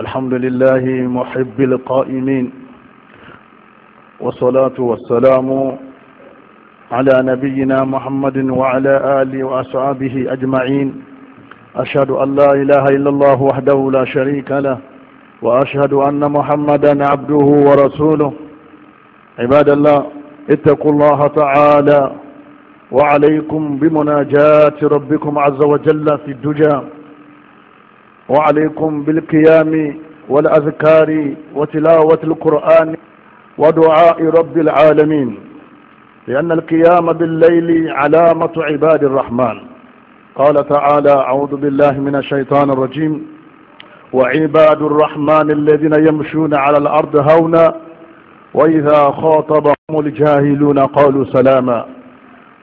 الحمد لله محب القائمين والصلاة والسلام على نبينا محمد وعلى آله وأصحابه أجمعين أشهد أن لا إله إلا الله وحده لا شريك له وأشهد أن محمدا عبده ورسوله عباد الله اتقوا الله تعالى وعليكم بمناجاة ربكم عز وجل في الدجام وعليكم بالقيام والأذكار وتلاوة القرآن ودعاء رب العالمين لأن القيام بالليل علامة عباد الرحمن قال تعالى أعوذ بالله من الشيطان الرجيم وعباد الرحمن الذين يمشون على الأرض هونا وإذا خاطبهم الجاهلون قالوا سلاما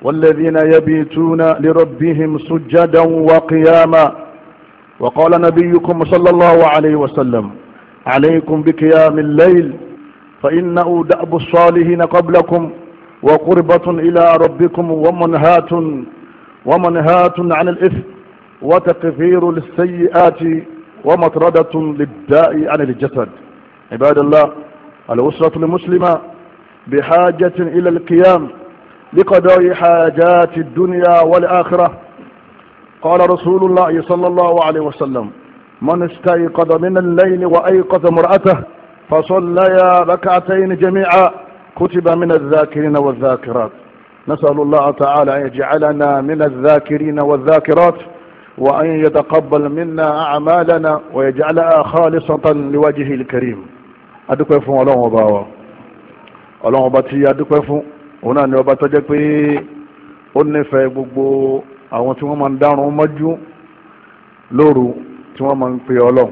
والذين يبيتون لربهم سجدا وقياما وقال نبيكم صلى الله عليه وسلم عليكم بقيام الليل فإنه دأب الصالحين قبلكم وقربة إلى ربكم ومنهات ومنهات عن الإثم وتكفير للسيئات ومطردة للداء عن الجسد عباد الله الأسرة المسلمة بحاجة إلى القيام لقضاء حاجات الدنيا والآخرة قال رسول الله صلى الله عليه وسلم من استيقظ من الليل وأيقظ مرأته فصليا ركعتين جميعا كتب من الذاكرين والذاكرات نسأل الله تعالى أن يجعلنا من الذاكرين والذاكرات وأن يتقبل منا أعمالنا ويجعلها خالصة لوجهه الكريم adúpẹ́ fún ọlọ́run ọba wa ọlọ́run ọba tí adúpẹ́ fún òun náà ni àwọn tí wọ́n máa ń dárun mọ́jú lóru tí wọ́n máa ń pe ọlọ́run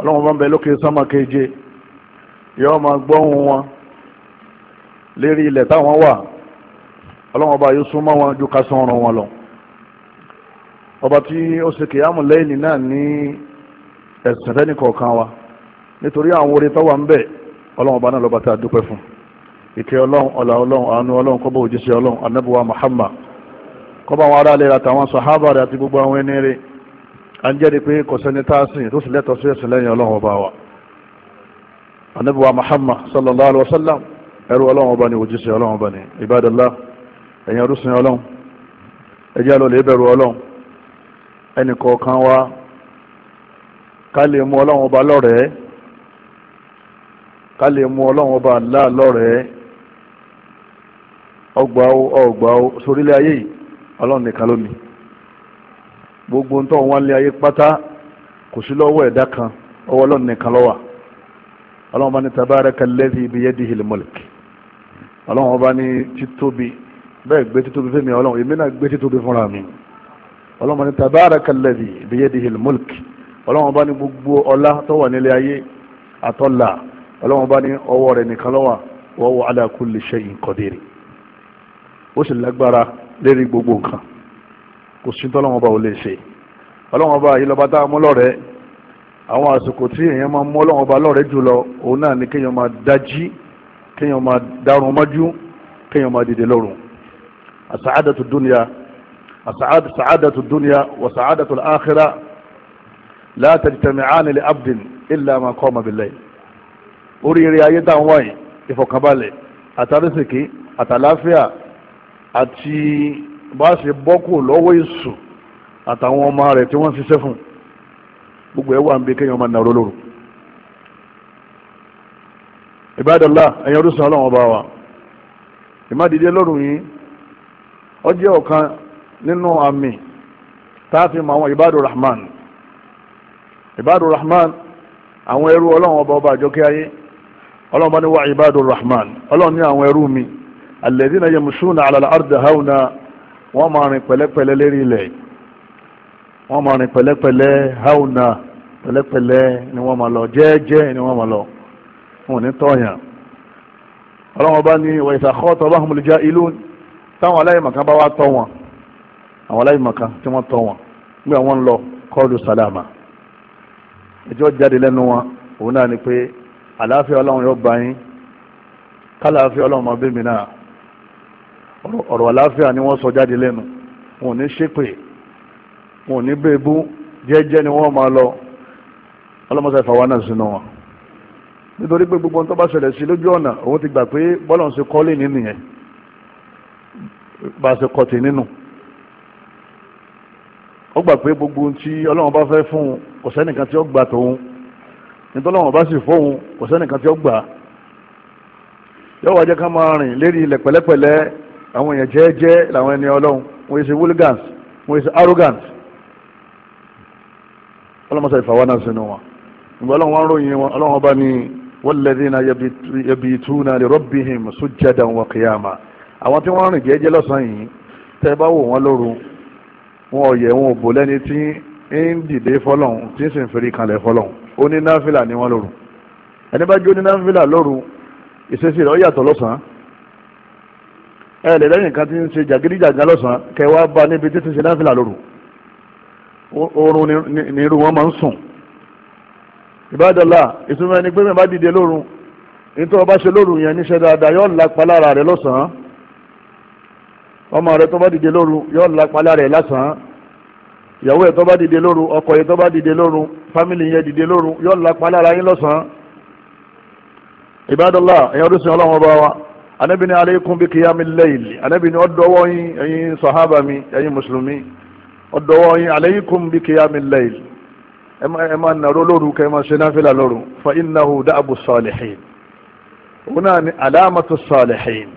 ọlọ́run bá ń bẹ lókè sámà keje yóò máa gbọ́hùn wọn lérí ilẹ̀ táwọn wà ọlọ́run ọba yóò súnmọ́ wọn ju ká sọ̀rọ̀ wọn lọ ọba tí ó ṣe kìyàmù lẹ́yìn náà ní ẹ̀sìn tẹ́nì kọ̀ọ̀kan wa nítorí àwọn orin tó wà ń bẹ ọlọ́run ọba náà lọ́ba tá a dúpẹ́ fún ìkẹ́ ọlọ́run ọ̀là ọlọ́run àánú ọlọ́run kọ́bọ̀ òjíṣẹ́ ọlọ́run anábùwà Muhammad kọ́ba àwọn ará ilé àtàwọn sàhábà rẹ̀ àti gbogbo àwọn ẹni rẹ̀ à ń jẹ́rìí pé kò sẹ́ni tá a sìn tó sì lẹ́tọ̀ọ́ sí ẹ̀sìn lẹ́yìn ọlọ́run ọba wa anabiwa muhammad sallallahu alayhi wa sallam ẹrú ọlọ́run ọba ni òjíṣẹ́ ọlọ́run ọba ni ibadallah ẹ̀yin ọdúnṣin ọlọ́run ẹjẹ́ lọ lè bẹ̀rù ẹnì kọ̀ọ̀kan wa ká lè mú ọlọ́run ọba lọ́rẹ̀ẹ́ ká lè mú ọlọ́run ọba Allah lọ́rẹ̀ẹ́ ọgbà ó ọgbà ó sórílẹ̀ ayé yìí ọlọ́run nìkan ló ní gbogbo ń tọ́ wọn lé ayé pátá kò sí lọ́wọ́ ẹ̀dá kan ọwọ́ ọlọ́run nìkan ló wà ọlọ́run bá ní tabaraka allazi biyadihi al-mulk ọlọ́run bá ní títóbi bẹ́ẹ̀ gbé títóbi fẹ́mi ọlọ́run èmi náà gbé títóbi fúnra mi ọlọ́run bá ní tabaraka allazi biyadihi al-mulk ọlọ́run bá ní gbogbo ọlá tó wà nílé ayé àtọ́là ọlọ́run bá ní ọwọ́ rẹ̀ nìkan ló wà wa huwa ala ó sì lágbára lérí gbogbo nǹkan kò sí tọ́lọ́wọ́n bá ò lè ṣe ọlọ́wọ́n bá yìí lọ́ba tá a mú lọ́rẹ́ àwọn àsìkò tí èèyàn máa mú ọlọ́wọ́n bá lọ́rẹ́ jùlọ òun náà ni kéèyàn máa dájí kéèyàn máa dárun mọ́jú kéèyàn máa dìde lọ́rùn àsàádàtú dúnìyà àsàádàtú dúnìyà wà sàádàtú àkhírà látàjítàmìcánì lè abdin ilà máa kọ́ ọmọ bìlẹ̀ oríire ayé táwọn wáyé ìfọ̀kànbalẹ̀ àtàrísìkì àtàláfíà àti bá a ṣe bọ́kù lọ́wọ́ èṣù àtàwọn ọmọ rẹ̀ tí wọ́n ṣiṣẹ́ fún gbogbo ẹ̀ wà ń bẹ kéèyàn máa nàró lóru. ìbádọ́lá ọba wa ìmádìíde lóru yìí ó jẹ́ ọ̀kan nínú àmì fi ma àwọn ìbádọ́ rahman ìbádọ́ rahman àwọn ẹrú ọba ọba àjọkẹ́ ayé bá ní ìbádọ́ rahman ní àwọn ẹrú mi. alladhina yamshuna ala al-ardi hawna wọ́n máa rìn pẹ̀lẹ́pẹ̀lẹ́ lérí ilẹ̀ wọ́n máa rìn pẹ̀lẹ́pẹ̀lẹ́ hawna pẹ̀lẹ́pẹ̀lẹ́ ni wọ́n máa lọ jẹ́ẹ́jẹ́ ni wọ́n máa lọ wọn ò ní tọ́yàn ọlọ́wọ́n bá ní wa idha khatabahumul jahilun táwọn aláìmọ̀kan bá wá tọ́ wọn àwọn aláìmọ̀kan tí wọ́n tọ́ wọn gbé àwọn ń lọ kọ́ọ̀lù sàlámà ẹjọ́ jáde lẹ́nu wọn òun náà ni pé àlàáfíà ọlọ́run yóò bá yín kálàáfíà ọlọ́run máa bẹ́ẹ̀ mi náà ọ̀rọ̀ àláfíà ni wọ́n sọ jáde lẹ́nu wọn ò ní ṣépè wọn ò ní bẹ́ẹ̀bú jẹ́jẹ́ ni wọ́n máa lọ ọlọ́mọṣẹ́ ìfàwọn náà sínú wọn nítorí pé gbogbo tó bá ṣẹlẹ̀ sí lójú ọ̀nà òun ti gbà pé bọ́lá ń ṣe kọ́lé nínú yẹn bá a ṣe kọ́tì nínú ó gbà pé gbogbo tí ọlọ́run bá fẹ́ fún un kò sẹ́nìkan tí ó gbà tòun nítorí ọlọ́run bá sì fóun kò sẹ́nìkan tí ó gbà yóò wá máa rìn lérí ilẹ̀ pẹ̀lẹ́pẹ̀lẹ́ àwọn èèyàn jẹ́ẹ́jẹ́ làwọn ẹni ọlọ́run wọ́n yẹ ṣe wúlgans wọ́n yẹ ṣe arrogant ọlọ́mọṣẹ́ ìfàwọ́ náà sínú wọn ìgbà ọlọ́run wọn ròyìn wọn ọlọ́run ọba ní walladhina yabituna li rabbihim sujjadan wa qiyama àwọn tí wọ́n rìn jẹ́ẹ́jẹ́ lọ́sàn-án yìí tẹ́ bá wò wọ́n lóru wọn ò yẹ wọn ò bò lẹ́ni tí ń dìde fọlọ́hún tí ń sì ń fèrè kalẹ̀ fọlọ́hún onínáfìlà ni wọ́n lóru ẹni bá jó onínáfìlà lóru ìṣesí rẹ̀ ó yàtọ̀ lọ́sàn-án ẹ lè lẹ́yìn kan tí ń ṣe jàgídíjàgá lọ́sàn-án kẹ wá bá níbi tí ti ṣe náfìlà lóru oorun ni irú wọn máa ń sùn ìbádọ́là ìtumọ̀ ẹni pé mẹ́bàá dìde lóru nítorí ọba ṣe lóru yẹn níṣẹ́ dáadáa yóò lápá lára rẹ̀ lọ́sàn-án ọmọ rẹ̀ tó bá dìde lóru yóò lápá lára rẹ̀ lọ́sàn-án ìyàwó ẹ̀ tó bá dìde lóru ọkọ ẹ̀ tó bá dìde lóru fámìlì yẹn dìde lóru yóò lápá lára yín lọ́sàn-án ìbádọ́là ẹ̀yọ́ anabi ni aleikum bi kiyami leil anabi ni ọdọwọ yin ẹ̀yin sahaba mi ẹ̀yin musulumi ọdọwọ yin aleikum bi kiyami leil ẹ ma nàró lóru kẹ ẹ ma ṣe náfìlà lóru fa innahu da'abu salihin òun náà ni alamatu salihin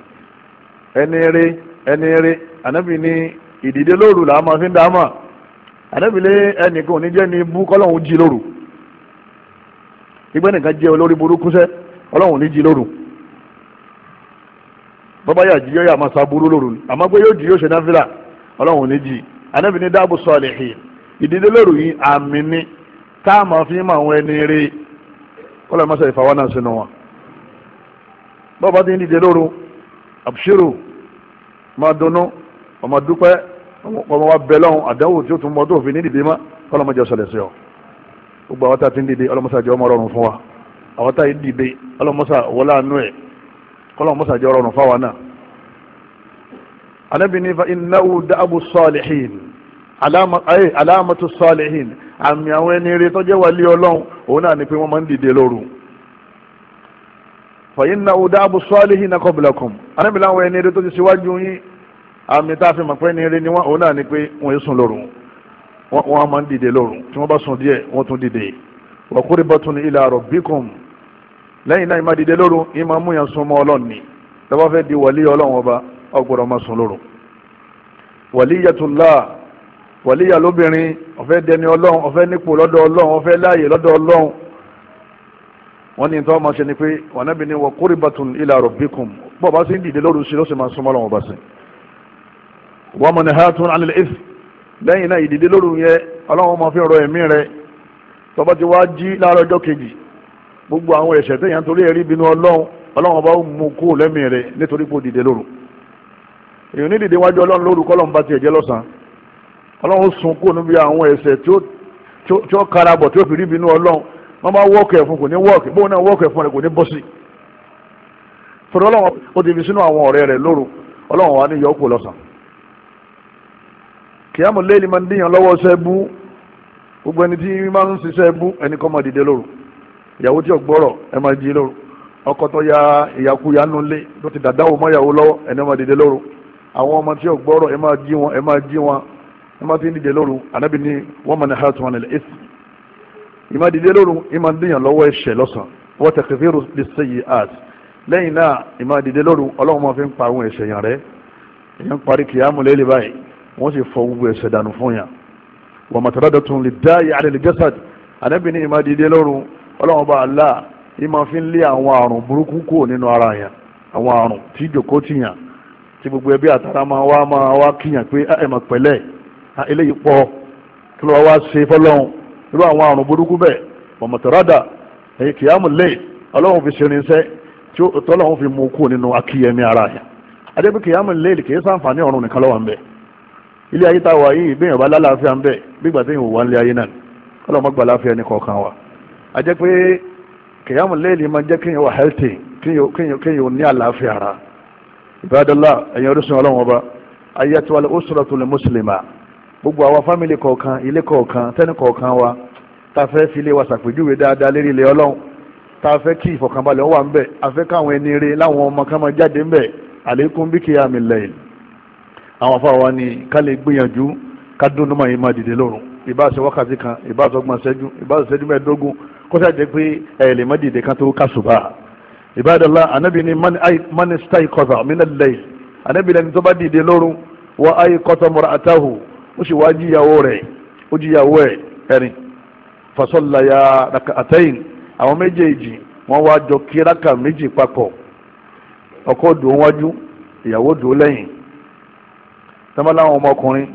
ẹni rí ẹni rí anabi ni ìdìde lóru là á ma fi ń dá ma anabi lé ẹnìkan oníjẹ ni bú kọlọ́hún jí lóru ìgbẹ́ nìkan jẹ́ olórí burúkú sẹ́ ọlọ́hún bọ́bá yà jí yóò yà máa sábúrú lóru àmọ́ pé yóò jí yóò ṣe náfìlà ọlọ́run ní jí anábì ní dáàbò sọ̀lìhìn ìdílé lóru yìí àmì ni tá a máa fi mọ àwọn ẹni rí ọlọ́run máa ṣe ìfàwọn náà sínú wọn. bọ́bá ti ń dìde lóru àbúṣírù máa dunnú ọmọ dúpẹ́ ọmọ wa bẹ̀ lọ́hùn àdánwò tí ó tún mọ́ tó fi ní dìde mọ́ ọlọ́run jẹ́ sọ̀lẹ̀ sí ọ gbogbo àwọn tá a ti ń dìde ọlọ́run kọ́lọ́n mọ́sá jẹ́ ọ̀rọ̀ fáwa náà anabi ní fa innahu da'abu salihin alamatu salihin àmì àwọn ẹni rẹ tọ́jẹ́ wàlí ọlọ́run òun náà ni pé wọ́n máa ń dìde lóru fa innahu da'abu salihin qablakum anabi láwọn ẹni rẹ tó ti ṣíwájú yín àmì tá a fi mọ̀ pé ẹni rẹ ni wọ́n òun náà ni pé wọ́n yẹn sùn lóru wọ́n máa ń dìde lóru tí wọ́n bá sùn díẹ̀ wọ́n tún dìde wa qurbatun ila rabbikum lẹ́yìn náà ìmá dìde lóru ìmá mú yàn súnmọ́ ọlọ́run ni tọ́ba fẹ́ di wàlí ọlọ́run ọba ọgbọ́dọ̀ máa sùn lóru wàlíyàtúlá wàlíyà lóbìnrin ọ̀fẹ́ dẹni ọlọ́run ọ̀fẹ́ nípò lọ́dọ̀ ọlọ́run ọ̀fẹ́ láàyè lọ́dọ̀ ọlọ́run wọ́n ní tọ́ máa ṣe ni pé wànábì ni wọ́n qurbatun ila rabbikum bọ́ bá sì ń dìde lóru sí ló sì máa súnmọ́ gbogbo àwọn ẹ̀ṣẹ̀ tẹ̀yàn torí ẹ̀rí bínú ọlọ́run ọlọ́run ọba ó mú kú lẹ́mí rẹ̀ nítorí pé ó dìde lóru èyàn ní dìde wájú ọlọ́run lóru kọ́ lọ́nba tiẹ̀ jẹ́ lọ́sàn ọlọ́run ó sun kú níbi àwọn ẹ̀ṣẹ̀ tí ó karabọ̀ tí ó fi rí bínú ọlọ́run wọ́n bá wọ́ọ̀kì ẹ̀fún kò ní wọ́ọ̀kì bóun náà wọ́ọ̀kì ẹ̀fún rẹ̀ kò ní bọ́ torí ọlọ́run ó ìyàwó tí ọgbọ́rọ̀ ẹ máa jí lóru ọkọ tó ya ìyàkuyà nulẹ̀ tó ti dàda wò mọ́yàwó lọ́wọ́ ẹni máa dìde lóru àwọn ọmọ tí ọgbọ́rọ̀ ẹ máa jí wọn ẹ máa jí wọn ẹ máa ti ń dìde lóru ànábì ní wọ́n mọ̀ ní heart one lè èsì ìmọ̀ dìde lóru ìmọ̀ díyàn lọ́wọ́ ẹ̀ṣẹ̀ lọ́sàn wọ́n tẹ̀ kẹfìrú lè ṣe yìí art lẹ́yìn náà ìmọ̀ dìde lóru ọlọ́run máa fi ń pa àwọn ẹ̀ṣẹ̀ ọlọ́run bá Allah yìí máa fi ń lé àwọn àrùn burúkú kúrò nínú ara yẹn àwọn àrùn tí ìjòkó ti yàn tí gbogbo ẹbí àtàrà máa wá máa wá kíyàn pé ah, ẹ mọ̀ pẹ̀lẹ́ ah, eléyìí pọ̀ kí ló wá wá ṣe fọlọ́run irú àwọn àrùn burúkú bẹ́ẹ̀ mọ̀mọ́tòrádà èyí kìyàmù lẹ́yìn ọlọ́run fi ṣe irinṣẹ́ tí tọ́lọ́run fi mú kúrò nínú akíyẹmí ara yẹn adébí kìyàmù lẹ́yìn kìí sàǹfààní ọ̀run nìkan lọ́wọ́ ń bẹ̀ ilé ayé tá a wà yìí ìbéèyàn bá lálàáfíà ń bẹ̀ bí ìgbà téèyàn wà ń lé ayé náà ọlọ́run mọ́gbà láfíà ẹnì kọ̀ọ̀kan wa a jẹ́ pé kìyàmù léèlì máa jẹ́ kéèyàn wà healthy kéèyàn ò ní àlàáfíà ara ìbádọ́lá ẹ̀yin orísun ọlọ́run ọba ayatu al-usratu al-muslima gbogbo àwa fámìlì kọ̀ọ̀kan ilé kọ̀ọ̀kan tẹ́nì kọ̀ọ̀kan wa tá a fẹ́ fi ilé wa ṣàpèjúwe dáadáa lérí ilé ọlọ́run tá a fẹ́ kí ìfọ̀kànbalẹ̀ wà ń bẹ̀ a fẹ́ káwọn ẹni rere láwọn ọmọ kan máa jáde ń bẹ̀ àlékún bí kìí àmì lẹ́yìn àwọn afọ àwa ni ká lè gbìyànjú ká dúnú mọ̀ yín máa dìde lórun ìbáṣe wákàtí kan ìbáṣe ọgbọ̀n ṣẹ́jú ìbáṣe ṣẹ́jú mẹ́ẹ̀ẹ́dógún kọ́sà jẹ́ pé ẹ̀yẹ̀ lè má dìde kan tó kásùbà ìbádọ́lá anabi ni mani style kọ́sà mina lẹ́yìn anabi lẹni tó bá dìde lóru wá ayé kọ́sà mọ́ra àtàwù ó sì wá jíyàwó rẹ̀ ó jíyàwó ẹ̀ ẹ̀rìn fasọ́láyà àtẹ̀yìn àwọn méjèèjì wọ́n wá jọ kí rákà méjì papọ̀ ọkọ dùn wájú ìyàwó dùn lẹ́yìn tẹ́mọ́lá àwọn ọmọkùnrin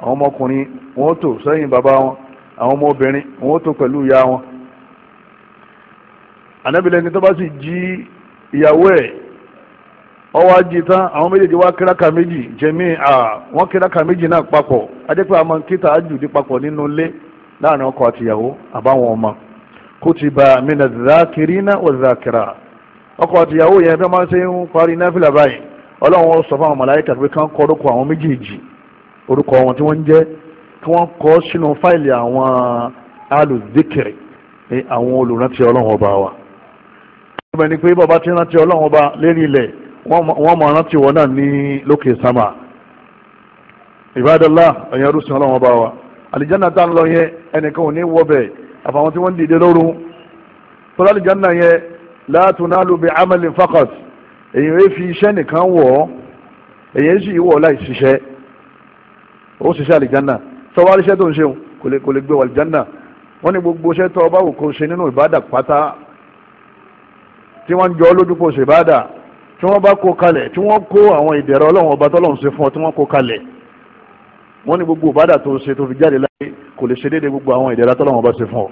àwọn ọmọkùnrin wọ́n tò sẹ́yìn bàbá wọn àwọn ọmọbìnrin wọ́n tò pẹ̀lú ìyá wọn ànábìlẹ̀ ni tó bá sì jí ìyàwó ẹ̀ ọwọ́ ajé tán àwọn méjèèjì wá kíráka méjì jẹ̀mí à wọ́n kíráka méjì náà papọ̀ adépẹ́ àmọ́ kíta àjùdí papọ̀ nínú ilé láàrin ọkọ àtìyàwó àbáwọn ọmọ kutiba mina zakirina wa zakira ọkọ àtìyàwó yẹn tó máa ń ṣe ń parí náfìlà báyìí ọlọ́run sọ fún àwọn màláíkà pé kán kọ orúkọ àwọn méjèèjì orúkọ wọn tí wọ́n ń jẹ́ kí wọ́n kọ sínú fáìlì àwọn alùdíkìrì àwọn olùrántí ọlọ́run ọba wa ibẹ̀ ni pé bàbá tí ń rántí ọlọ́run ọba lérí ilẹ̀ wọ́n mọ̀ rántí wọn náà ní lókè sámà ìbádọ́lá ẹ̀yìn arúsùn ọlọ́run ọba wa àlìjáná tá ń lọ yẹn ẹnìkan ò ní wọbẹ̀ àfàwọn tí wọ́n ń dìde lóru tọ́lá àlìjáná yẹn láàtún náà ló amẹ́lì fákọ̀t èyàn ẹ fi iṣẹ́ nìkan wọ̀ ọ́ èyàn sì wọ̀ láì ṣiṣẹ́ ó ṣiṣẹ́ àlìjáná tọ́wọ́ àríṣẹ́ tó ń ṣe kò lè gbé wà àlìjáná wọ́n ní gbogbo iṣẹ́ tó bá tí wọ́n ń jọ lójú kó ṣe bá dà tí wọ́n bá kó kalẹ̀ tí wọ́n kó àwọn ìdẹ̀rọ ọlọ́run ọba tọ́lọ́run ṣe fún ọ tí wọ́n kó kalẹ̀ wọ́n ní gbogbo ìbádà tó ṣe tó fi jáde láyé kò lè ṣe déédéé gbogbo àwọn ìdẹ̀rọ tọ́lọ́run ọba ṣe fún ọ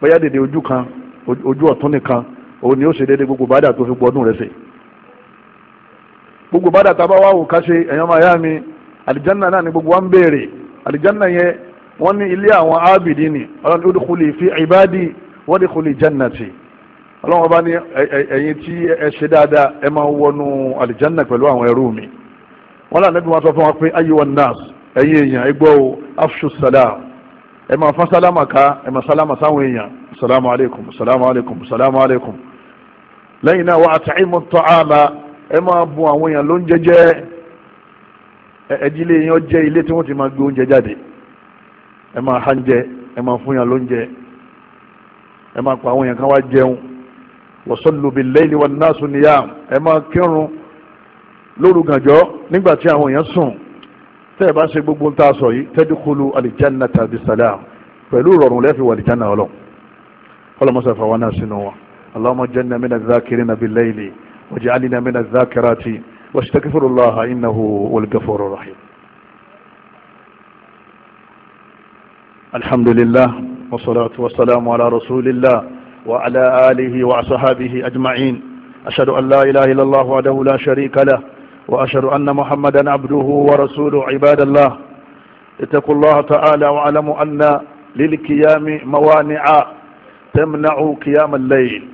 bóyá déédéé ojú kan ojú ọ̀tún nìkan òun ni ó ṣe déédéé gbogbo ìbádà tó fi gbọdún rẹ ṣe gbogbo ìbádà tá a bá wà wò ká ṣe ẹ̀yàn máa yá mi àlìjánná náà ni gbogbo wa ń béèrè àlìjánná yẹn wọ́n ní ilé àwọn ábìdí ni ọlọ́run ó dìkúlì fi ìbádì wọ́n dìkúlì jannati ọlọ́run ọba ní ẹ̀yin tí ẹ ṣe dáadáa ẹ máa wọnú àlìjánà pẹ̀lú àwọn ẹrú mi wọn lànà bí wọn sọ fún wa pé ayiwa nas ẹ̀yin èèyàn ẹ gbọ́ o afṣu salam ẹ máa fọ́n sálámà ká ẹ máa sálámà sáwọn èèyàn salamu alaykum salamu alaykum salamu alaykum lẹ́yìn náà wà á tẹ̀ ìmú tọ́ àmà ẹ máa bùn àwọn èèyàn ló ń jẹjẹ ẹdílé yẹn jẹ́ ilé tí wọ́n ti máa gbé oúnjẹ jáde ẹ máa hánjẹ ẹ máa fún yàn lóúnjẹ ẹ máa pa àwọn èèyàn kan wá jẹun wasallu bil-layli wan-nasu niyam ẹ máa kírun lóru gànjọ́ nígbà tí àwọn èèyàn sùn tẹ́ ẹ bá ṣe gbogbo ń ta sọ yìí tadkhulu al-jannata bisalam pẹ̀lú ìrọ̀rùn lẹ́fì wà al-janna ọlọ́ ọlọ́mọṣẹ́ fà wọn náà sínú wọn allahumma jannina mina dhakirina bil-layli waj'alna mina dhakirati wastaghfirullaha innahu huwal ghafurur rahim. alhamdulillah wassalatu wassalamu ala وعلى آله وأصحابه أجمعين أشهد أن لا إله إلا الله وحده لا شريك له وأشهد أن محمدا عبده ورسوله عباد الله اتقوا الله تعالى واعلموا أن للقيام موانع تمنع قيام الليل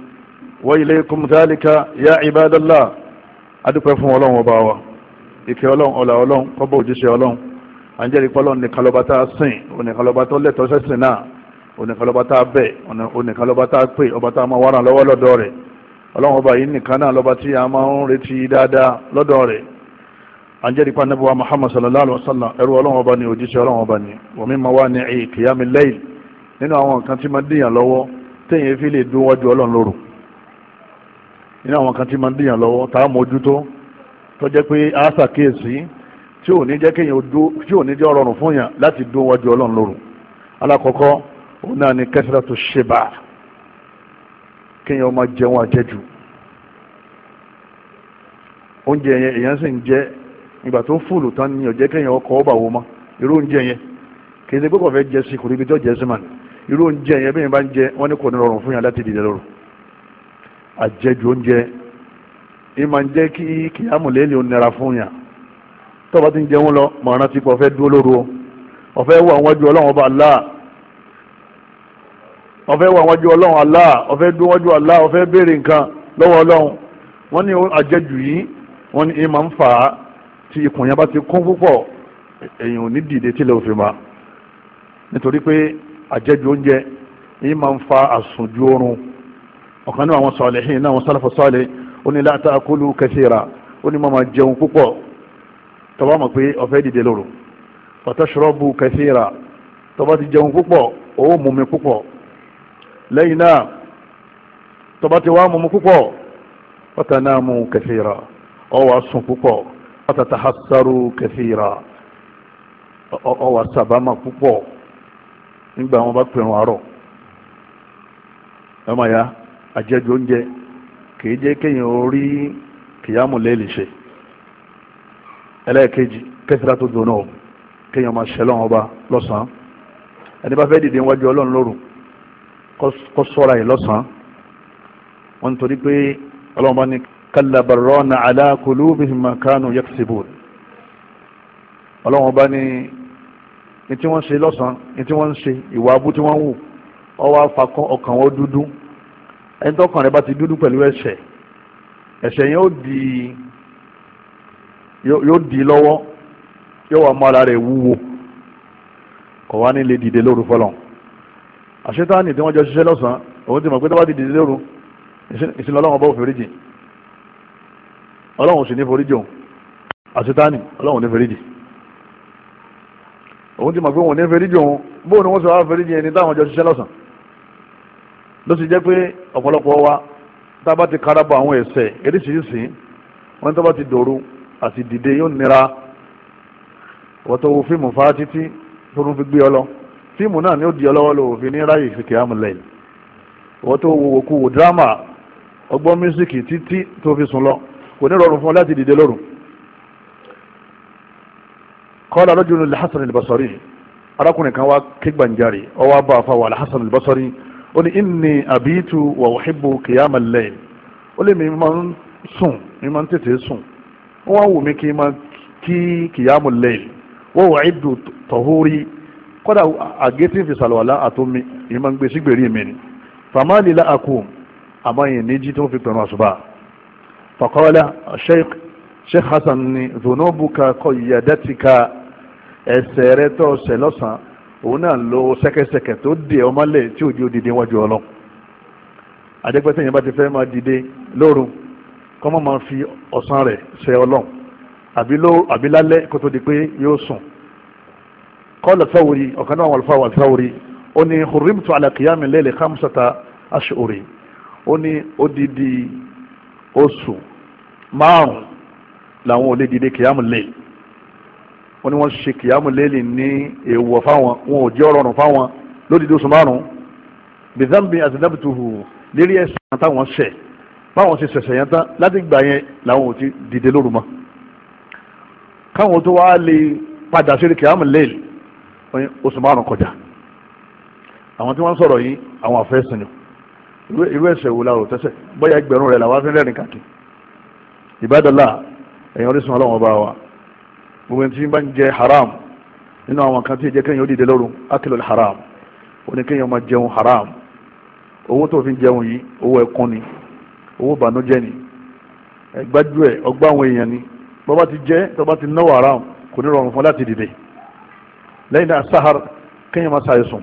وإليكم ذلك يا عباد الله adúpẹ́ fún ọlọ́run ọba wa ìkẹ́ ọlọ́run ọlà ọlọ́run kọ́bọ̀ òjíṣẹ́ ọlọ́run à ń jẹ́rìí pé ọlọ́run nìkan onìkan lọ́ba tá a bẹ̀ onìkan lọ́ba tá a pè ọba tá a máa wára lọ́wọ́ lọ́dọ̀ rẹ̀ ọlọ́run ọba yìí nìkan náà lọ́ba tí a máa ń retí dáadáa lọ́dọ̀ rẹ̀ anjẹ́rìpá nàbẹ̀wá muhammad sallallahu alayhi wa sallam ẹrú ọlọ́run ọba ni òjíṣẹ́ ọlọ́run ọba ni wọ́n mi máa wá ní ẹ̀yìn kìyàmí lẹ́yìn nínú àwọn nǹkan tí máa dìyàn lọ́wọ́ téèyàn fi lè dún wájú ọlọ́run lóru nínú àwọn kan tí máa ń dìyàn lọ́wọ́ tá a mójútó tó jẹ́ pé a ṣàkíyèsí tí ò ní jẹ́ kéèyàn dún tí ò ní jẹ́ ọ̀rọ̀rùn fún yàn láti dún wájú ọlọ́run lóru alákọ̀ọ́kọ́ ona ni kẹsìlá tó ṣe o ma máa jẹun àjẹjù oúnjẹ yẹn èèyàn sì ń jẹ ìgbà tó fúlù tán ni ọ̀jẹ́ kéèyàn ọkọ̀ ọba wo ma irú oúnjẹ yẹn kìí ṣe pé kò fẹ́ jẹ sí ibi tó jẹ sí mà ní irú oúnjẹ yẹn bí yẹn bá ń jẹ wọ́n ní kò ní rọrùn fún yàn láti dìde àjẹjù oúnjẹ ń jẹ́ kí kìyàmù ò nira fún yàn ti ń jẹun lọ mọ̀ràn ti pọ̀ fẹ́ dúró lóru ọ̀fẹ́ ju ọba aláà ọ̀fẹ́ wà wájú ọlọ́run Allah ọ̀fẹ́ dún wájú Allah ọ̀fẹ́ béèrè nǹkan lọ́wọ́ ọlọ́run wọ́n ní àjẹjù yìí wọ́n ní ìmọ̀ ń fà á tí ikùn yẹn bá ti kún púpọ̀ èèyàn ò ní dìde tí lóò fi ma nítorí pé àjẹjù oúnjẹ ìmọ̀ ń fa àsùnjù oorun ọ̀kan nínú àwọn salihin náà àwọn sálàfọ̀ sálẹ̀ ó ní la ta'kulu kathira ó ní máa jẹun púpọ̀ tó mọ̀ pé ọ̀fẹ́ dìde lóru wa tashrabu kathira tó ti jẹun púpọ̀ ó mumi púpọ̀ lẹ́yìn náà wa mu wá mumu púpọ̀ wọ́tà mu kẹfìrà ọwọ́ sùn púpọ̀ wọ́tà tá kẹfìrà ọwọ́ sàbámà púpọ̀ nígbà wọn bá pẹ̀rùn àárọ̀ ẹ máa ya àjẹjù oúnjẹ kì í jẹ́ kéèyàn orí kìyàmù lẹ́ẹ̀lì ṣe ẹlẹ́ẹ̀kejì kẹfìrà tó dùn náà kéèyàn máa ṣẹlẹ̀ wọn ọba lọ́sàn-án ẹni bá fẹ́ dìde wájú kó sọ́ra ẹ̀ lọ́sàn-án wọ́n torí pé ọlọ́run bá ní kalla barrana ala qulubihim ma kanu yaksibun ọlọ́run bá ní ní tí wọ́n ṣe lọ́sàn-án ní tí wọ́n ń ṣe ìwà abú tí wọ́n ń wù ọwọ́ afakọ́ ọkàn wọn dúdú ẹni tọkàn rẹ bá ti dúdú pẹ̀lú ẹ̀ṣẹ̀ ẹ̀ṣẹ̀ yẹn ó di yóò di lọ́wọ́ yóò wà mọ́ ara rẹ̀ wúwo kọ̀ lè dìde lóru fọlọ́n àṣetáni tí wọ́n jọ ṣiṣẹ́ lọ́sàn-án òun ti mọ̀ pé tó bá ti dìde lóru ìsinmi ọlọ́run bọ́ òfin jìn ọlọ́run sì ní forí jìn àṣetáni ọlọ́run ní forí òun ti mọ̀ pé òun ní forí òun bóun ni wọ́n sọ wá forí ẹni táwọn jọ ṣiṣẹ́ lọ́sàn ló sì jẹ́ pé ọ̀pọ̀lọpọ̀ wa tá a bá ti kára bọ àwọn ẹ̀ṣẹ̀ eréṣiríṣi wọ́n tó bá ti dòru àti dìde yóò nira wọ́n tó wo fíìmù fáá tó ń fi gbé ọ lọ tíìmù náà ni ó di ọlọ́wọ́ lò òfin ní ráyè fi kìámù lẹ́yìn wọ́n tó wo òkú wò dírámà ọgbọ́n mísíkì títí tó fi sùn lọ kò ní rọrùn fún ọ láti dìde lóru. kọ́lá lójú ní alhassan albasari arákùnrin kan wá kígbàǹjarì ọwọ́ abá afáwọ̀ alhassan albasari ó ní inni abitu wa uhibbu kìámù lẹ́yìn ó lè mi máa ń sùn mi máa ń tètè sùn wọ́n wù mí kí kìámù lẹ́yìn wọ́n wà á dùn tọ̀húrí kódà àgétí fi sàlùwàlá àtomi èyí máa ń gbé sígbèrí mi ni fàmáàlì la àkùn àmọ́ yìí níjí tó fi pẹ̀rọ àṣùbà fàkọ́lá sheikh sheikh hasan ni zunubuka kọ yadatika ẹsẹ̀ rẹ tó ṣẹ lọ́sàn òun náà lo sẹ́kẹsẹkẹ tó dé ọmọlẹ̀ tí òjò dìde wájú ọlọ́ àdẹ́gbẹ́sẹ̀ yẹn bá ti fẹ́ máa dìde lóru kọ́mọ́ máa fi ọ̀sán rẹ̀ ṣe ọlọ́ àbí lálẹ́ kó tó di pé yóò sùn kọ́lọ̀ fẹ́wòrì ọ̀kan náà wọ́n fẹ́wòrì fẹ́wòrì ó ní hurimtu ala qiyami lele khamsata ashuri ó ní odidi oṣù márùn làwọn olè dìde kìyàmù lele ó ní wọ́n ṣe kìyàmù lele ní èèwọ̀ fáwọn wọn ò jẹ́ ọ̀rọ̀rùn fáwọn lódìdí oṣù márùn bizambi azinabituhu lérí ẹ̀sán táwọn ṣẹ̀ báwọn ṣe ṣẹ̀ṣẹ̀ yẹn tán láti gbà yẹn làwọn ò ti dìde lóru mọ́ káwọn tó wá lè padà sí kìyàmù lele oṣù márùn kọjá àwọn tí wọ́n ń sọ̀rọ̀ yìí àwọn àfẹ́sìn irú ẹ̀ṣẹ̀ wo la rò tẹ́sẹ̀ bóyá ẹgbẹ̀rún rẹ̀ làwọn fi ń káàkiri ìbádọ́lá ẹ̀yàn orísun ọlọ́run ọba wa gbogbo ẹni tí bá ń jẹ haram nínú àwọn kan tí ìjẹ́ kéèyàn ó dìde lọ́rùn akílọ̀ haram ó ní kéèyàn máa jẹun haram owó tó fi ń jẹun yìí owó ẹkún ni owó ìbànújẹ́ ni ẹgbájú ẹ ọgbà àwọn èèyàn ni bọ́bá ti jẹ́ tọ́bá ti náwó haram kò ní rọrùn fún láti dìde lẹ́yìn náà sahar kéèyàn máa ṣàyè sùn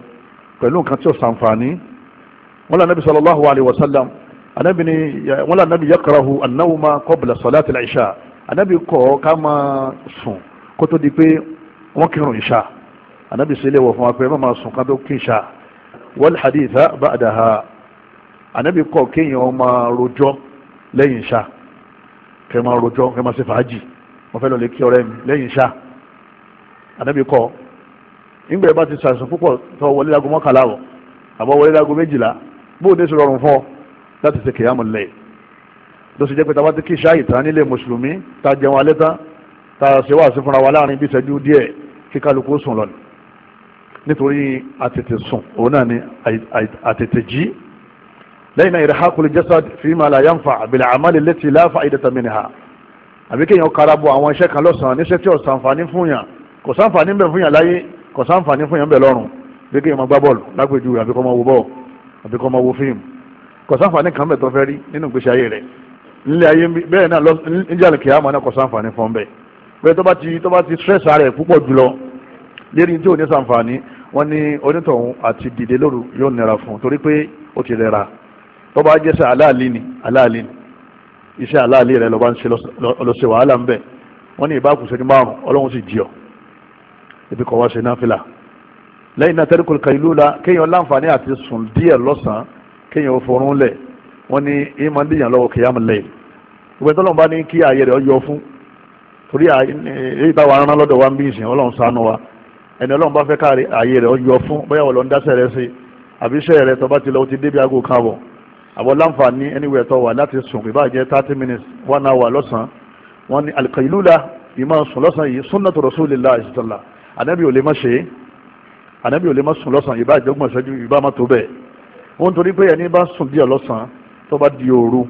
pẹ̀lú nǹkan tí ó sànfààní wọn lànà bí sallallahu alayhi wa sallam anabi ni wọn lànà bí yakrahu annawma qabla salati al-isha anabi kọ̀ ká máa sùn kó tó di pé wọ́n kírun ìṣá anabi sílẹ̀ wọ̀ fún wa pé má máa sùn ká tó kí ìṣá wal haditha ba'daha anabi kọ̀ kéèyàn máa rojọ́ lẹ́yìn ìṣá kẹ́ máa rojọ́ kẹ́ máa ṣe fàájì wọ́n fẹ́ lọ lè kí ọ̀rẹ́ mi lẹ́yìn ìṣá anabi kọ̀ nígbà yẹn bá ti sàìsàn púpọ̀ tó wọlé lago mọ́kànlá wọ̀ àbọ̀ wọlé lago méjìlá bóun ní sọ̀rọ̀ fọ́ láti ṣe kìyàmù lẹ̀ ló sì jẹ́ pé tá a bá ti kí ṣáà ìtàn nílé mùsùlùmí tá jẹun alẹ́ tán tá ṣe wá sí fúnra wa láàrin bí ìṣẹ́jú díẹ̀ kí kálukú sùn lọ nítorí àtètè sùn òun náà ni àtètè jí lẹ́yìn náà irhaqul jasad fima la yanfa bil a'mal allati la fa'idata minha àbí kéèyàn karabọ àwọn iṣẹ́ kan lọ́sàn-án níṣẹ́ tí ò sàǹfààní fún yàn kò sàǹfààní bẹ́ẹ̀ fún yàn láyé kò sáǹfààní fún yẹn bẹ̀ lọ́rùn bí kéèyàn máa gbá bọ́ọ̀lù lápèjúwe àbí kó máa wo bọ́ọ̀ àbí kó máa wo fíìmù kò sáǹfààní kan bẹ̀ tó fẹ́ rí nínú ìgbésí ayé rẹ̀ nílé ayé bẹ́ẹ̀ náà níjàlè kìámà náà kò sáǹfààní fún bẹ́ẹ̀ bẹ́ẹ̀ tó bá ti tó bá ti stress ara ẹ̀ púpọ̀ jùlọ lérí tí ò ní sàǹfààní wọ́n ní onítọ̀hún àti dìde lóru yóò nira fún torí pé ó ti rẹra tó bá jẹ́ sẹ́ aláàlí ibi kọ́ wá ṣe náfìlà lẹ́yìn náà tẹ́lifù kailula kéèyàn láǹfààní àti sùn díẹ̀ lọ́sàn-án kéèyàn forún lẹ̀ wọ́n ní ìmọ̀ ń dìyàn lọ́wọ́ kìyàmù lẹ́yìn ìwé tọ́lọ́mù bá ní kí ààyè rẹ̀ yọ fún torí èyí táwa rán lọ́dọ̀ wa ń bí ìsìn ọlọ́run ṣàánú wa ẹni ọlọ́run bá fẹ́ káàrí ààyè rẹ̀ yọ fún bóyá wọ́n lọ ń sí àbí iṣẹ́ tó bá ti lọ ti débi aago kan àbọ̀ àbọ̀ láǹfààní anywhere tó wà láti sùn kì bá jẹ́ thirty minutes one hour lọ́sàn-án wọ́n ní alkailula ìmọ̀ sùn lọ́sàn yìí sunnatu rasulillah sallallahu ànábì ò lè má ṣe é ànábì ò lè má sùn lọ́sàn ìbá àjọgbọ̀n ìṣẹ́jú ìbá má tó bẹ́ẹ̀ wọ́n torí pé ẹni bá sùn díẹ̀ lọ́sàn tó bá di òru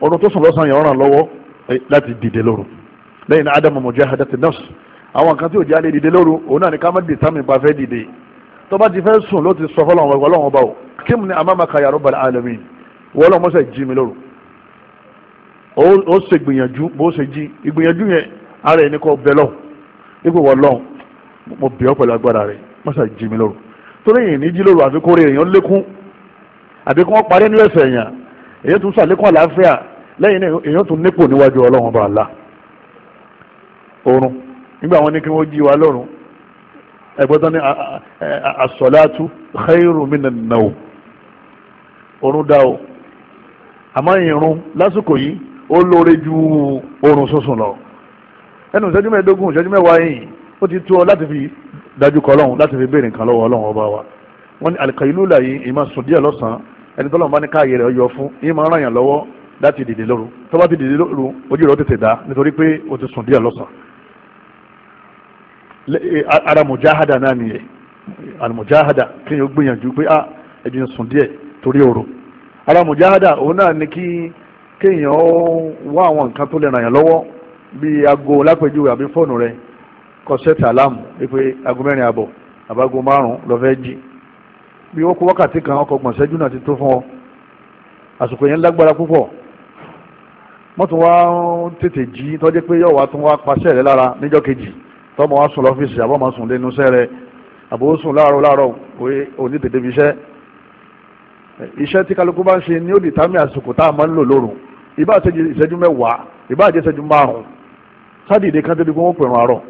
oorun tó sùn lọ́sàn yẹn ràn lọ́wọ́ láti dìde lóru lẹ́yìn náà ádámù mujahadati nafs àwọn kan tí ò jẹ́ alẹ́ dìde lóru òun náà ni ká má dì tá mi bá fẹ́ dìde tó bá ti fẹ́ sùn ló ti sọ fọlọ́wọ́n ọlọ́wọ́n o kí mu ni amamaka ya rabbal alamin wọ́n lọ́ mọ́sẹ̀ jí ara ẹni kọ́ bẹ́ ipò wọ lọ́hùn mo bì ọ́ pẹ̀lú agbára rẹ̀ wọ́n ṣe jí mi lóru torí èyàn ní jí lóru àfi kórè èyàn lékún àbí kí wọ́n parí ẹnu ẹ̀sẹ̀ èyàn èyàn tún ṣàlékún àlàáfíà lẹ́yìn náà èyàn tún nípò níwájú ọlọ́run ọba àlá oorun nígbà wọn ní kí wọ́n jí wa lọ́run ẹ̀gbọ́n tán ní as-salatu khairu minan nawm oorun dá o àmọ́ ìrun lásìkò yìí ó lóore ju oorun sísùn lọ. ẹnu ìṣẹ́jú mẹ́ẹ̀ẹ́dógún ìṣẹ́jú mẹ́wàá yìí ó ti tó ọ láti fi dájú kọ ọlọ́run fi béèrè nǹkan lọ́wọ́ ọlọ́run ọba wa ni ní àlìkàyílúlà yìí ìmọ̀ sùn díẹ̀ lọ́sàn-án ẹni tọ́lọ́run bá ní káàyè rẹ̀ yọ fún ìmọ̀ ràn yàn lọ́wọ́ láti dìde ti dìde lóru ojú rẹ̀ ó tètè dá nítorí pé ó ti sùn díẹ̀ lọ́sàn-án e, ara náà nìyẹn gbìyànjú pé bíi aago lápèjúwe àbí fóònù rẹ kọ sẹ́ẹ̀tì àlámù wípé aago mẹ́rin àbọ̀ àbágo márùn-ún lọ fẹ́ jí bí wọ́n kó wákàtí kan ọkọ̀ gbọ̀nsẹ́jú náà ti tó fún ọ àsìkò yẹn lágbára púpọ̀ mọ́tò wá ń tètè jí tọ́jú pé yọ̀wá tún wá paṣẹ́ rẹ lára níjọ́ kejì tọ́mọ wá sùn lọ́fíìsì àbọ̀ máa sùn lẹ́nu iṣẹ́ rẹ àbò sùn láàárọ̀ láàárọ̀ òní tètè fi iṣẹ́ iṣẹ́ tí kálukú bá ń ṣe ni ó dìtámì àsìkò tá a máa ń lò lóru ìbá ìṣẹ́jú mẹ́wàá ìbá àjẹsẹ́jú márùn-ún sádìde kan débi pé wọ́n pèrún àárọ̀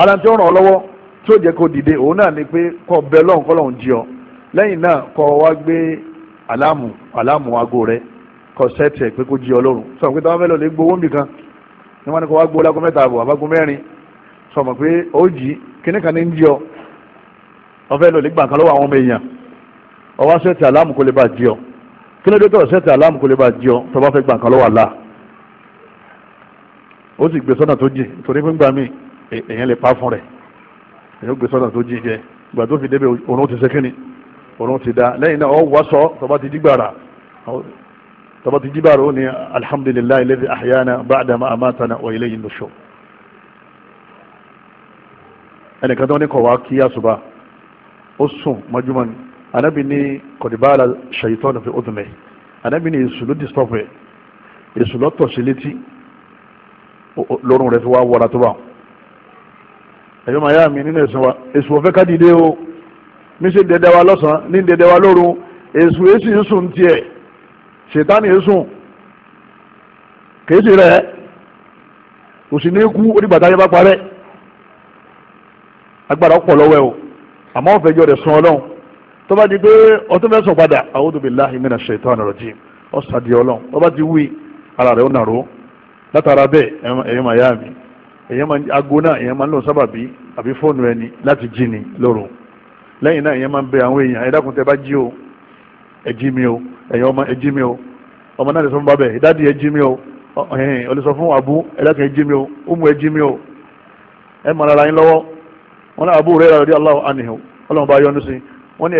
ara tí ó ràn ọ́ lọ́wọ́ tí ó jẹ́ kó dìde òun náà ni pé kọ́ bẹ lọ́hùn kọ́ lọ́hùn jí ọ lẹ́yìn náà kọ́ wá gbé àlámù àlámù aago rẹ kọ́ sẹ́ẹ̀tì ẹ̀ pé kó jí ọ lọ́rùn sọ pé táwọn fẹ́ lọ lè gbowó mi kan ní wọ́n ní kó wá gbowó lágọ́ mẹ́ta àbọ̀ àbágún mẹ́rin sọ mọ̀ pé ó jí kíní kan ní ń jí ọ wọ́n fẹ́ lọ lè gbà kan lọ́wọ́ àwọn ọmọ èèyàn ọwọ́ sẹ́ẹ̀tì àlámù kó lè bá jí ọ kí ló tọ̀ sẹ́ẹ̀tì àlámù kó lè bá jí ọ tó bá fẹ́ gbà kan lọ́wọ́ àlá ó sì gbé sọ́nà tó jìn torí pé ńgbà míì èèyàn lè pa fún rẹ̀ èèyàn gbé sọ́nà tó jìn jẹ ìgbà tó fi débẹ̀ òun ti sẹ́kìnì òun ti da lẹ́yìn náà ọ wá sọ tọba ti dígbàrà tọba ti dígbàrà ó ní alhamdulilayi lẹ́dí àyànà bàdàmà àmàtànà wa ilayhi nushur ẹnìkan tó ní kọ̀ wá kí àṣùbà ó sùn mọ́júmọ́ ni anabi ní kọ̀dìbàlà ṣèyítọ́ ní fi anabi ní èsù ló dìstọ́pù lórun rẹ̀ fi wá wọra tó bá wọn. ẹ̀yọ́ màá yá mi nínú ẹ̀sùn wa èsù ọ̀fẹ́ ká dìde o mi ṣe dẹ̀dẹ̀ wa lọ́sàn-án ní dẹ̀dẹ̀ wa lóru èsù èsì ń sùn tiẹ̀ ṣètánì ń sùn kèésì rẹ̀ kò sì ní kú onígbàtà yẹn bá parẹ́ agbára ọ̀pọ̀ lọ́wọ́ ẹ o àmọ́ ọ̀fẹ́jọ́ rẹ̀ sùn ọlọ́run tó bá di pé ọtún fẹ́ sùn padà a'udhu billahi minash shaitani rajim ọ̀sàdì ọlọ́run tó bá ti wí ara rẹ̀ ó nàró látara bẹ́ẹ̀ ẹ̀yọ́ màá yá mi ẹ̀yọ́ máa aago náà ẹ̀yọ́ máa ń lò sábàbí àbí fóònù ẹni láti jí ni lóru lẹ́yìn náà ẹ̀yọ́ máa ń bẹ àwọn èèyàn ẹ̀dákun tẹ bá jí o ẹ̀jí mi o ẹ̀yọ́ ọmọ ẹ̀jí mi o ọmọ náà lè sọ fún bàbá ẹ̀ dáàdi ẹ̀jí mi o ọ̀hìn ó lè sọ fún àbú ẹ̀dákun ẹ̀jí mi o ọmọ ẹ̀jí mi o ẹ̀ mọ̀ ara yín lọ́wọ́ wọn náà àbú rẹ̀ rà lórí aláwọ̀ àníhàn ọlọ́run bá yọ́nú sí wọ́n ní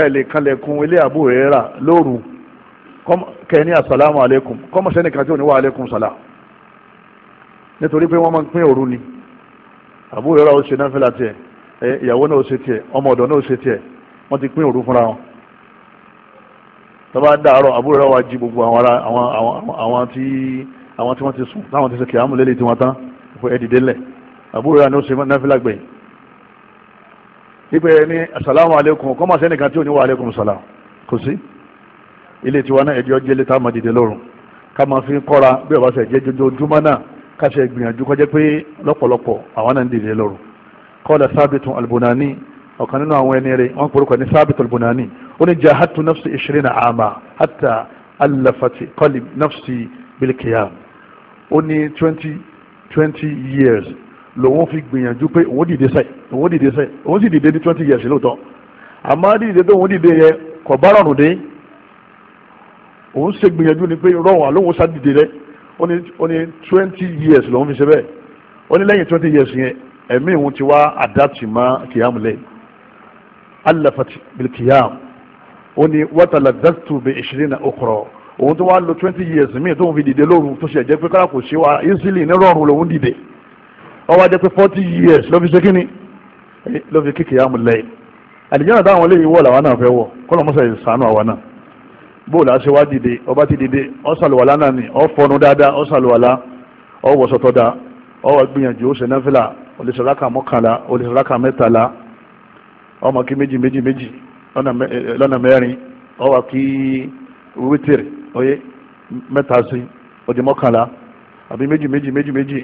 ẹ̀ lè kanlẹ̀kùn ilé àbú rẹ̀ rà lóru kẹ́ni asàlámù alẹ́kùn kọ́mọ̀sẹ́nìkan tí ò ní wà alẹ́kùn sàlámù nítorí pé wọ́n máa ń pín òru ni àbúrò yọrọ ó ṣe náfìlà tiẹ̀ ìyàwó náà ó ṣe tiẹ̀ ọmọ ọ̀dọ̀ náà ó ṣe tiẹ̀ wọ́n ti pín òru fúnra wọn tọ́ba dàárọ̀ àbúrò yọrọ wa jí gbogbo àwọn ará àwọn àwọn àwọn tí àwọn tí wọ́n ti sùn láwọn ti ṣe kìámù lélẹ̀ tí wọ́n tán fún ẹ̀dìdẹ́ lẹ̀ àbúrò yọrọ ni ó ṣe náfìlà gbẹ̀yìn ipe ni asalaamu aleykum kọ́mọ̀ sẹ́ni kan tí ò ní wà aleykum salaam kò sí ilé tiwa náà ẹ̀jẹ̀ ọjọ́ ilé máa dìde lọ́rùn ká máa fi kọ́ra bí ọba sẹ̀ jẹ́ jojoojúmọ́ náà káṣẹ ìgbìyànjú kọjá pé lọ́pọ̀lọpọ̀ àwọn náà ń dìde lóru kọ́lá sábìtún albunani ọ̀kan nínú àwọn ẹni rẹ̀ wọ́n porúkọ ní sábìtún albunani ó ní jahatu nafsi ishirina ama hatta alafati kọ́lì nafsi bilkiyam ó ní twenty twenty years lòun fi gbìyànjú pé òun dìde sẹ́ẹ̀ òun dìde sẹ́ẹ̀ òun sì dìde ní twenty years lóòótọ́ àmọ́ dìde tó òun dìde yẹ kọ̀ bá rọrùn dé òun ṣe gbìyànjú ni pé rọrùn àlóhùn sá dìde rẹ̀ ó ní twenty years lòún fi ṣe bẹ́ẹ̀ ó ní lẹ́yìn twenty years yẹn ẹ̀mí ìhun ti wá adapt mọ́ kìyàm lẹ́yìn alafat bil kìyàm ó ní wàtàlá dàtú bẹ ìṣirin náà ó kọ̀rọ̀ òun tó wá lò twenty years míì tóun fi dìde lóru tó ṣe jẹ́ pé kára kò ṣe wa easily ní rọrùn lòun dìde ó wá jẹ́ pé forty years ló fi ṣe kínní ló fi kí kìyàm lẹ́yìn àdìjọ́nà táwọn eléyìí wọ̀ làwọn náà fẹ́ wọ̀ kọ́lọ́mọ́sà ìsànú àwọn bóòlù aṣèwá dìde ọba ti dìde ọ̀sàlùwàlá náà ni ọ̀fọ̀nù dáadáa ọ̀sàlùwàlá ọ̀wọ̀sọ̀tọ̀dà ọwọ́ gbìyànjú ó ṣe náfìlà olùsọ̀láka mọ́kànlá olùsọ̀láka mẹ́tàlá ọmọ kí méjì méjì méjì lọ́nà eh, mẹ́rin ọwọ́ kí wítìrì oyé mẹ́ta sí ọdí mọ́kànlá àbí méjì méjì méjì méjì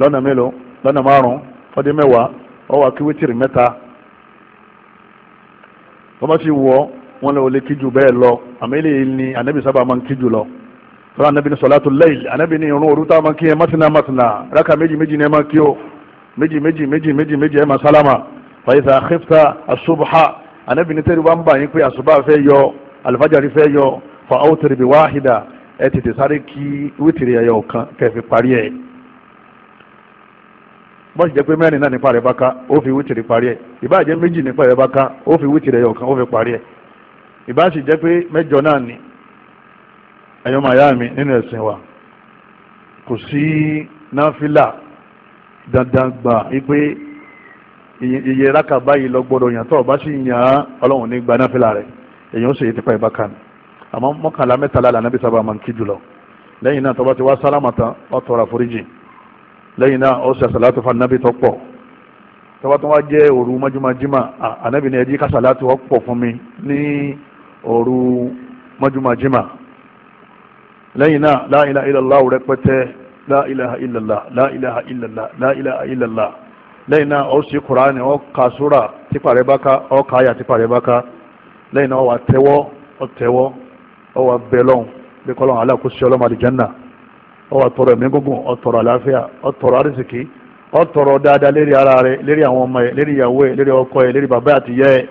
lọ́nà mélòó lọ́nà márùn-ún ọdí mẹ́wàá ọwọ́ kí wítìrì mẹ́ta ọmọ ti wọ̀ wọn lọ lè kíjù bẹ́ẹ̀ lọ àmì ilé ni anabi sábà máa ń kíjù lọ sọ anabi ni sọlá tó lẹ́yìn anabi ni irun òru tá a máa kí ẹ mọ́tìnà mọ́tìnà rákà méjì méjì ni ẹ máa kí o méjì méjì méjì méjì méjì ẹ máa sálámà fàyíṣà àkẹ́fà àṣùbùhà anabi ni tẹ́lifà ń yín pé àṣùbà fẹ́ yọ àlùfájàrí fẹ́ yọ fa awtiri bi wáhìdà ẹ tètè sáré kí wítìrì ẹ̀yọ̀ kan kẹfì parí ẹ̀ bó ṣe jẹ́ pé mẹ́rin náà nípa rẹ̀ bá ká ó fi wítìrì parí ẹ̀ ìbá jẹ́ méjì nípa rẹ̀ bá ká ó fi wítìrì ẹ̀yọ̀ kan ó fi parí ẹ̀ ìbá sì jẹ́ pé mẹ́jọ náà ni ẹ̀yọ́mọ àyá mi nínú ẹ̀sìn wa kò sí náfìlà dandan gbà wípé iye rákà báyìí lọ gbọ́dọ̀ yàn tó ọba sì yàn án ọlọ́run ní gba náfìlà rẹ̀ èyàn sì yé tipa ìbákan àmọ́ mọ́kànlá mẹ́tàlá là nábì sábà máa ń kí jùlọ lẹ́yìn náà tọ́ba ti wá sálámà tán ó tọrọ àforíjì lẹ́yìn náà ó ṣe àṣàlátù fún anábì tó pọ̀ tọ́ba tó wá jẹ́ òru mọ́júmọ́jímọ́ ànábì ni òru mọ́júmọ́jímà lẹ́yìn náà la ilaha illallah rẹpẹtẹ la ilaha illallah la ilaha illallah la ilaha illallah lẹ́yìn náà ó sì kùránì ó ka súrà tìpàrẹ́ bá ká ó ka àyà tìpàrẹ́ bá ká lẹ́yìn náà ó wà tẹ́wọ́ ó tẹ́wọ́ ó wà bẹ́lọ́n bí kọ́lọ́n alákòóso ọlọ́mọ àlìjánná ó wà tọrọ ẹ̀mí gúngùn ó tọrọ àlàáfíà ó tọrọ àrísìkí ó tọrọ dáadáa lérí ara rẹ lérí àwọn ọmọ ẹ lérí ìyàwó ẹ lérí ọkọ ẹ lérí bàbá àtìyẹ ẹ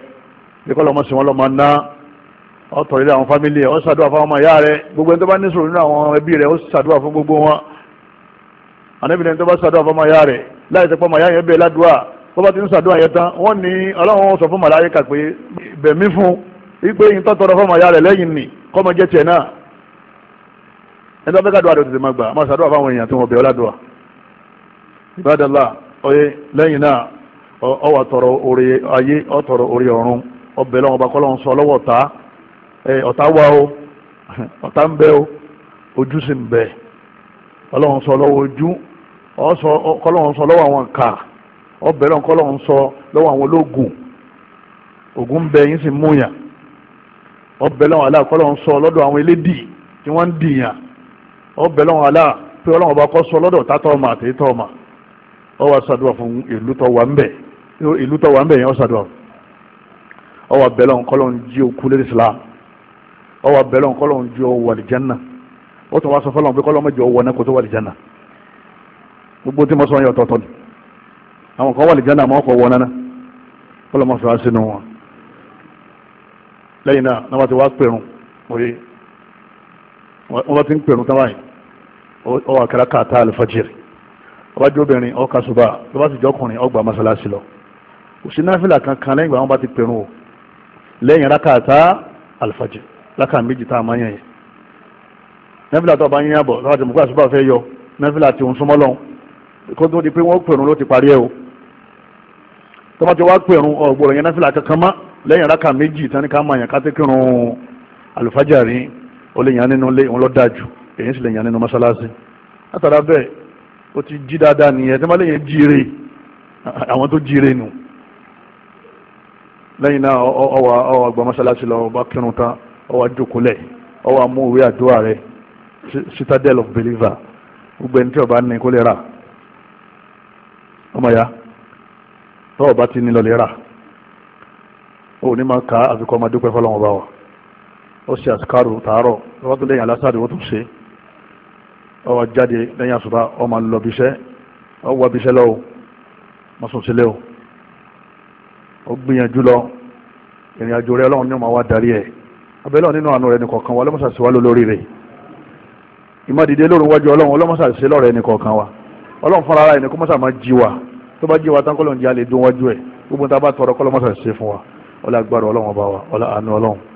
bí kọ́lọ́n mọ̀ sí wọn lọ́mọ ọ̀tọ̀ ilé àwọn fámílì ẹ̀ ọ́ ṣàdúrà fún ọmọ ìyá rẹ gbogbo ẹni tó bá ní sùúrù nínú àwọn ẹbí rẹ ó ṣàdúrà fún gbogbo wọn ànábìlẹ̀ ẹni tó bá ṣàdúrà fún ọmọ ìyá rẹ láì sẹ́pọ̀ ọmọ ìyá yẹn bẹ́ẹ̀ ládùúà bó bá ti ń ṣàdúrà yẹn tán wọ́n ní ọlọ́run sọ fún màláyíkà pé bẹ̀mí fún wípé yín tó tọrọ fún ọmọ ìyá rẹ lẹ́yìn nì kọ́mọ jẹ́ tiẹ̀ náà ẹni tó ọ̀tá wà o ọ̀tá ń bẹ o ojú sì ń bẹ ọlọ́run sọ lọ́wọ́ ojú ọlọ́run sọ lọ́wọ́ àwọn kà ọbẹ̀rẹ̀ ọlọ́run sọ lọ́wọ́ àwọn ológun ògùn ń bẹ yín sì mú yàn ọbẹ̀rẹ̀ ọ̀hún aláà kọ́lọ́run sọ lọ́dọ̀ àwọn elédìí tí wọ́n ń dìyàn ọbẹ̀rẹ̀ ọ̀hún aláà pé ọlọ́run ọba kọ́ sọ lọ́dọ̀ tátọ́ ọmọ àtẹ́tọ́ ọmọ ọwọ́ àṣàdúrà fún ìlú tó ń bẹ ìlú tó ń bẹ yẹn ọ̀ṣàdúrà ọwọ abẹlẹ ọhún kọlọ ń jọ wà lìjánà ó tún wá sọ fọlọ pé kọlọ mẹjọ wọ náà kó tó wà gbogbo tí mo sọ yẹn ọ̀tọ̀ọ̀tọ̀ ni àwọn kan wà lìjánà àmọ́ ọkọ wọ nánà kọlọ mọ fìwá sínú wọn lẹ́yìn náà náà wà ti wá pèrún òye wọn bá ti ń pèrún tán báyìí ọwọ àkàrà káàtà àlùfájìrì ọwájú obìnrin ọkà ṣùgbà tó bá sì jọkùnrin ọgbà mọ́sálásí lọ òsínà fìlà kankan lẹ́yìn ìgbà wọn bá ti pèrún o lẹ́yìn rákàtà àlùfájìrì láka méjì tá a máa yàn yẹn nẹ́fìlà tó a bá ń yàn bọ̀ láti mú kó àṣùbà fẹ́ yọ nẹ́fìlà tí òun súnmọ́ lọ́hùn kó tó di pé wọ́n pèrún ló ti parí ẹ̀ o tó bá ti wá pèrún ọ̀gbọ̀rọ̀ yẹn nẹ́fìlà kankan má lẹ́yìn láka méjì tán ní ká máa yàn ká tẹ́ kírun àlùfájàrí ó lè yàn nínú ilé òun lọ́ dáa jù èyí sì lè yàn nínú mọ́ṣáláṣí látara bẹ́ẹ̀ ó ti jí dáadáa nìyẹn tí wọ́n lè yẹn jíire àwọn tó jíire nù lẹ́yìn náà ọwọ́ àgbà mọ́ṣáláṣí lọ bá kírun tán ọwọ́ àjòkólẹ̀ ọwọ́ àmú ìwé àdúrà citadel of believer gbogbo ẹni tí ọba ní kó lè rà ọmọ ya tọ́wọ́ bá ti ní lọ lè rà ó ní máa ka àfikún ọmọdé pẹ́ fọlọ́wọ́n bá wa ó ṣe àsìkárò tààrọ̀ lọ́wọ́ tó lẹ́yìn alásàdì ó tún ṣe ọwọ́ jáde lẹ́yìn àsùbá ọmọ lọ bíṣẹ́ ọwọ́ bíṣẹ́ lọ́wọ́ o ó gbìyànjú lọ ìrìn rẹ ọlọ́run ní ọmọ wa darí ẹ̀ abẹ́lẹ́ nínú àánú rẹ̀ nìkọ̀ọ̀kan wa ọlọ́mọṣà sí wa lórí rẹ̀ ìmọ̀dìdé lóru wájú ọlọ́run ọlọ́mọṣà sí lọ́rọ̀ ẹnìkọ̀ọ̀kan wa ọlọ́run fúnra ara ẹnìkọ́mọṣà máa jí wa tó bá jí wa tán kọ́lọ́n jẹ́ alẹ́ dún wájú ẹ̀ gbogbo tá a bá tọrọ kọ́lọ́mọṣà sí fún wa ọlá agbára ọlọ́run ọba wa ọlá àánú ọlọ́run